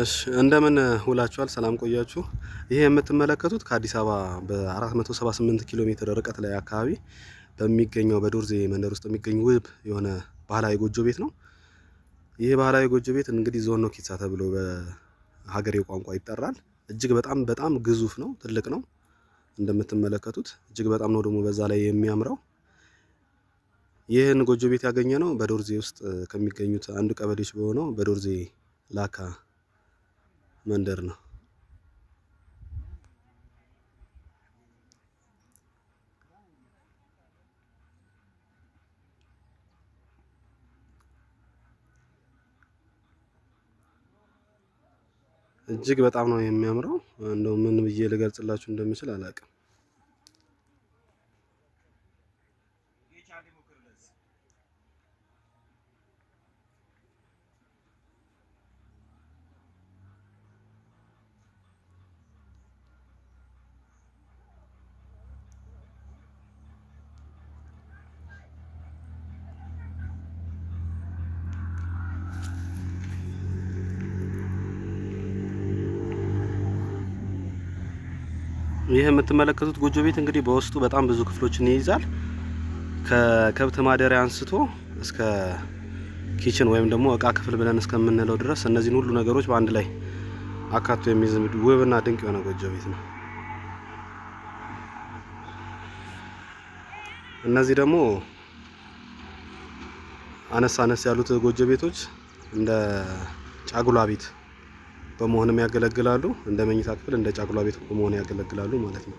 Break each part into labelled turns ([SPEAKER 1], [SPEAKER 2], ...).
[SPEAKER 1] እሺ እንደምን ውላችኋል ሰላም ቆያችሁ። ይሄ የምትመለከቱት ከአዲስ አበባ በ478 ኪሎ ሜትር ርቀት ላይ አካባቢ በሚገኘው በዶርዜ መንደር ውስጥ የሚገኝ ውብ የሆነ ባህላዊ ጎጆ ቤት ነው። ይህ ባህላዊ ጎጆ ቤት እንግዲህ ዞኖ ኪሳ ተብሎ በሀገሬው ቋንቋ ይጠራል። እጅግ በጣም በጣም ግዙፍ ነው፣ ትልቅ ነው። እንደምትመለከቱት እጅግ በጣም ነው ደግሞ በዛ ላይ የሚያምረው። ይህን ጎጆ ቤት ያገኘ ነው በዶርዜ ውስጥ ከሚገኙት አንዱ ቀበሌዎች በሆነው በዶርዜ ላካ መንደር ነው። እጅግ በጣም ነው የሚያምረው እንደው ምን ብዬ ልገልጽላችሁ እንደምችል አላውቅም ይህ የምትመለከቱት ጎጆ ቤት እንግዲህ በውስጡ በጣም ብዙ ክፍሎችን ይይዛል። ከከብት ማደሪያ አንስቶ እስከ ኪችን ወይም ደግሞ እቃ ክፍል ብለን እስከምንለው ድረስ እነዚህን ሁሉ ነገሮች በአንድ ላይ አካቶ የሚይዝ ውብና ድንቅ የሆነ ጎጆ ቤት ነው። እነዚህ ደግሞ አነስ አነስ ያሉት ጎጆ ቤቶች እንደ ጫጉላ ቤት በመሆንም ያገለግላሉ። እንደ መኝታ ክፍል እንደ ጫጉላ ቤት በመሆን ያገለግላሉ ማለት ነው።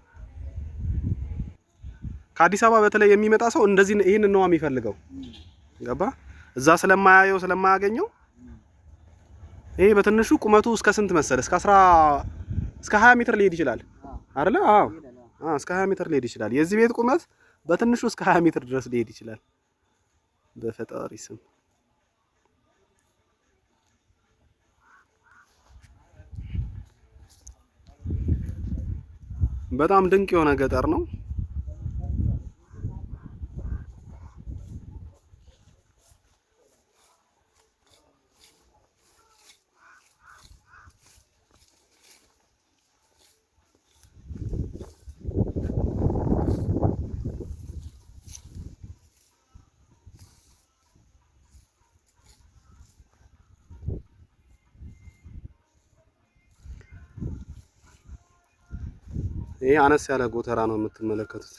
[SPEAKER 1] ከአዲስ አበባ በተለይ የሚመጣ ሰው እንደዚህ ይህን ነው የሚፈልገው። ገባ እዛ ስለማያየው ስለማያገኘው ይሄ በትንሹ ቁመቱ እስከ ስንት መሰለ እስከ 10 እስከ 20 ሜትር ሊሄድ ይችላል አይደለ? አዎ አዎ፣ እስከ 20 ሜትር ሊሄድ ይችላል። የዚህ ቤት ቁመት በትንሹ እስከ 20 ሜትር ድረስ ሊሄድ ይችላል። በፈጣሪ ስም በጣም ድንቅ የሆነ ገጠር ነው። ይህ አነስ ያለ ጎተራ ነው የምትመለከቱት።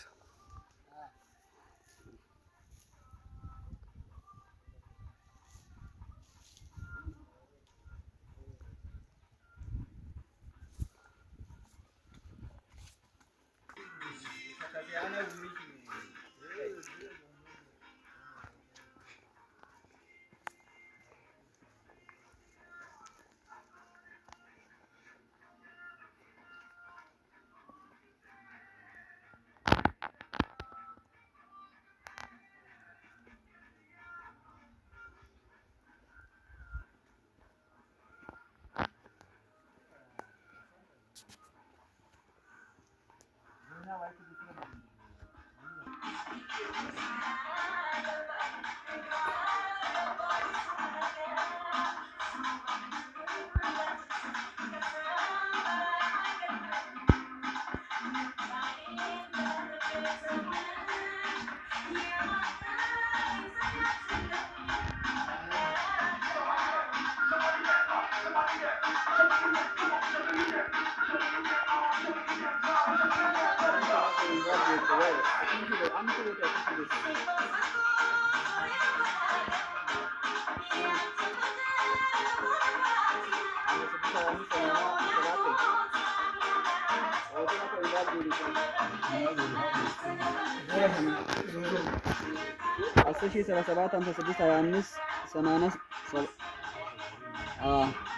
[SPEAKER 1] አስር ሺህ ሰባ ሰባት ሃምሳ ስድስት ሀያ አምስት ሰማንያ